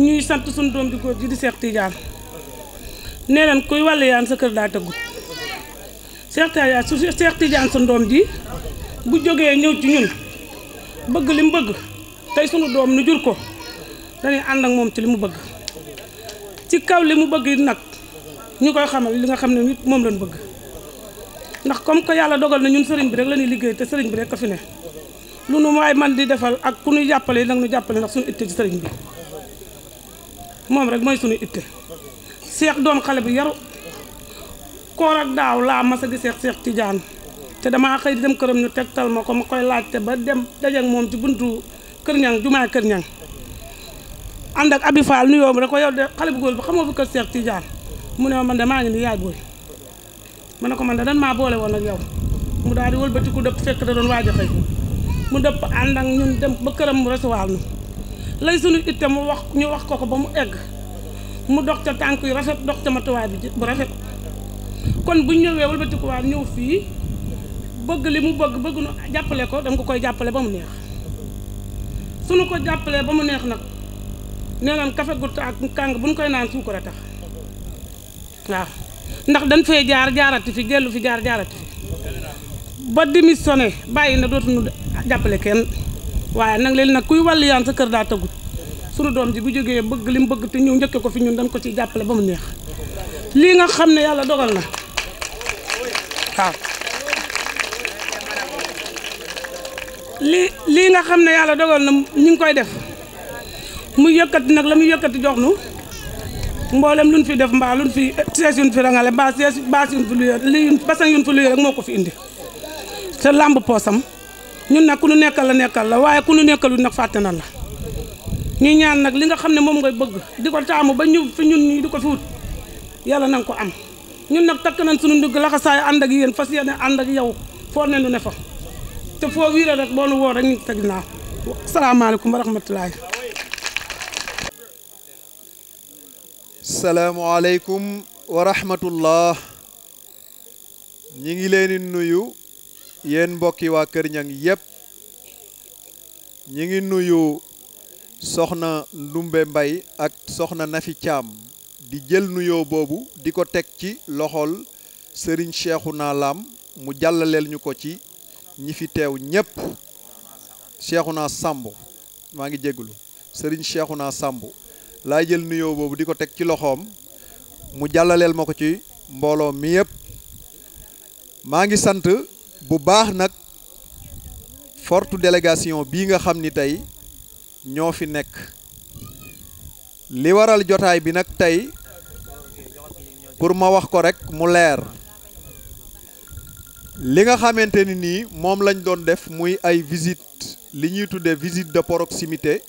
ñuy sant suñu doom ji góor ji di seex Tidiane nee leen kuy wàll yaan sa kër daa tëggut Cheikh Tidiane su Cheikh Tidiane doom ji bu jógee ñëw ci ñun bëgg li mu bëgg tey sunu doom nu jur ko dañuy ànd ak moom ci li mu bëgg ci kaw li mu bëgg nag ñu koy xamal li nga xam ne nit moom lañ bëgg ndax comme que yàlla dogal na ñun sëriñ bi rek la liggéey te sëriñ bi rek a fi ne lu nu waay man di defal ak ku ñu jàppale nag nu jàppale ndax suñu itte ci sëriñ bi mom rek moy suñu itte cheikh doon xale korak yaru ko rak daw la ma sa gisee cheikh Tijaan te di dem kërëm ñu tektal ma ko ma koy laajte ba dem ak mom ci buntu Kër Ñang jumaa Kër Ñang ak Abi Fall nuyoo rek ko yow de xale bu gol bi xamoo bu ko cheikh tidiane mu ne ma man de ngi ni yaay ma ne ko man da dan ma boole won ak yow mu ba ci ku dëpp fekk da doon waaj xey mu dëpp and ak ñun dem ba kërëm mu lay sunu itte mu wax ñu wax ko ko ba mu egg mu dox ca tank yu rafet dox ca matuwaay bi bu rafet kon bu batiku wa ñëw fi bëgg li mu bëgg bëgg nu jappalé ko danga ko koy jappalé ba mu neex sunu ko jappalé ba mu neex nak nee café kafe ak kang buñ koy naan suukar a tax waaw ndax dañ fay jaar jaarati fi dellu fi jaar jaarati ba démissionné bayina na dootuñu jappalé kenn waye nak leen nak kuy wal yaan sa keur da tëggut sunu dom ji bu joge bëgg lim mu bëgg te ñew ñëkke ko fi ñun dañ ko ci jappalé ba mu neex li nga xam yalla dogal na li li nga yalla dogal na ñu ngi koy def mu yëkkat nak lamu yëkkat joxnu mbolam nu fi def mbaa luñ fi sees yu basi fi rangalé ba sees ba yu ñu fi luyee li basan yu ñu fi rek moko fi indi te lamb posam ñun nag ku nu nekkal la nekkal la waaye ku nu nekkalul nag fàtte na la ñu ñaan nag li nga xam ne moom ngay bëgg di ko taamu ba ñu fi ñun nii di ko fi wut yàlla na ko am ñun nag takk nañ suñu ndigg laxasaay ànd ak yéen fas yéene ànd ak yow foo ne nu ne fa te foo wiire rek boo nu woo rek ñu teg naa salaamaaleykum wa rahmatulaay. salaamaaleykum wa rahmatullah ñi ngi leen nuyu. yéen mbokki waa Kër Ñang yépp ñi ngi nuyu soxna Ndumbe Mbay ak soxna Nafi Caam di jël nuyoo boobu di ko teg ci loxool Sëriñ naa lam mu jàllaleel ñu ko ci ñi fi teew ñépp naa Sàmb maa ngi jégalu Sëriñ naa Sàmb laa jël nuyoo boobu di ko teg ci loxoom mu jàllaleel ma ko ci mbooloo mi yépp maa ngi sant bu baax nak forte délégation bi nga xamni tay ño fi nek li waral jotay bi nak tay pour ma wax ko rek mu leer li nga xamanteni ni mom lañ doon def muy ay visite li ñuy tuddé visite de proximité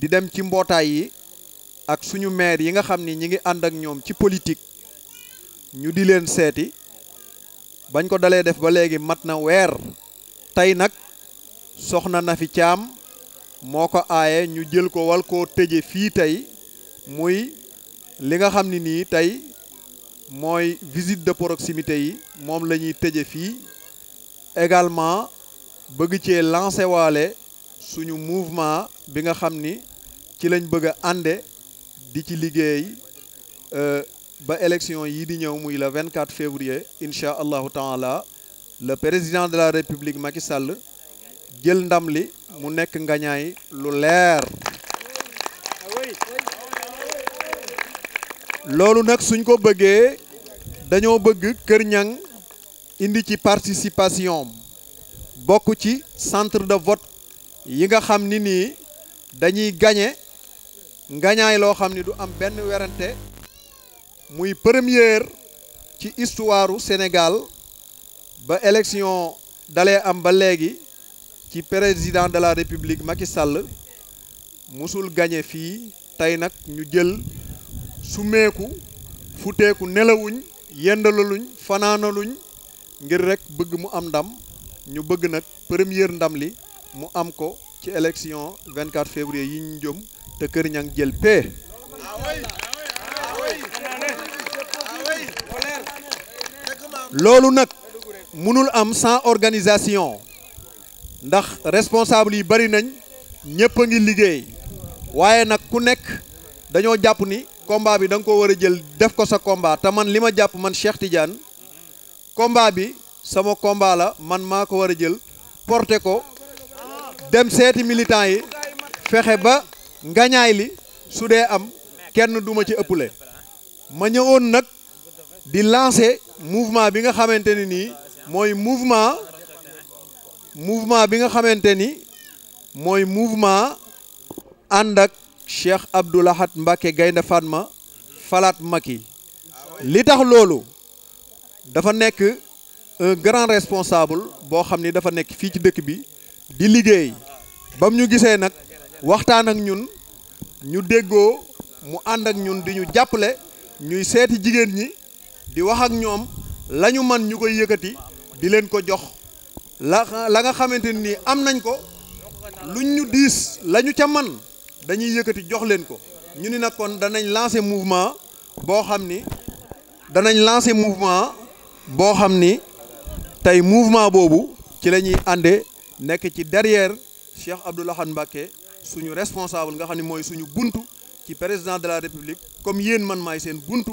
di dem ci mbotay yi ak suñu maire yi nga xamni ñi ngi and ak ñom ci politique ñu di leen séti bañ ko dalee def ba léegi mat na weer tey nag soxna na fi caam moo ko aaye ñu jël ko wal koo tëje fii tey muy li nga xam ni nii tey mooy visite de proximité yi moom la ñuy tëje fii également bëgg cee lancé waale suñu mouvement bi nga xam ni ci lañ bëgg a ànde di ci liggéey euh, ba élection yii di ñëw muy le 24 février incha allahu taala le président de la république Macky Sall jël ndam li mu nekk ngañaay lu leer loolu nag suñ ko bëggee dañoo bëgg Kër Ñang indi ci participation bokk ci centre de vote yi nga xam ni nii dañuy gañe ngañaay loo xam ni du am benn werante muy première ci histoire senegal ba élection dalee am ba léegi ci président de la république Macky Sall musul gañe fii tey nag ñu jël sumeeku futeeku nelawuñ yendalaluñ fanaanaluñ ngir rek bëgg mu am ndam ñu bëgg nag première ndam li mu am ko ci élection 24 février yi ñu jëm te Kër Niang jël paie. loolu nag mënul am sans organisation ndax responsable yi bari nañ ñëpp a ngi liggéey waaye nag ku nekk dañoo jàpp ni combat bi da nga ko war a jël def ko sa combat te man li ma jàpp man Cheikh Tidiane combat bi sama combat la man maa ko war a jël porter ko dem seeti militants yi fexe ba ngañaay li su dee am kenn du ma ci ëppale ma ñëwoon nag di lancer. mouvement bi nga ni mouvement mouvement bi nga xamanteni moy mouvement andak Cheikh Abdou Mbake gayna dafa un grand responsable bo xamni dafa nek fi ci dëkk bi di liggéey bam ñu ak ñun ñu déggo mu di wax ak ñom lañu man ñu yëkëti di leen ko jox la nga xamanteni ni am nañ ko luñ ñu diis la ca man dañuy yëkëti jox leen ko ñu ni nag kon danañ lancer mouvement bo xamni ni danañ lancer mouvement bo xamni tay mouvement bobu ci lañuy andé nek ci derrière Cheikh Abdou Mbacké suñu responsable nga xamni moy suñu buntu ci président de la république comme yeen man may seen buntu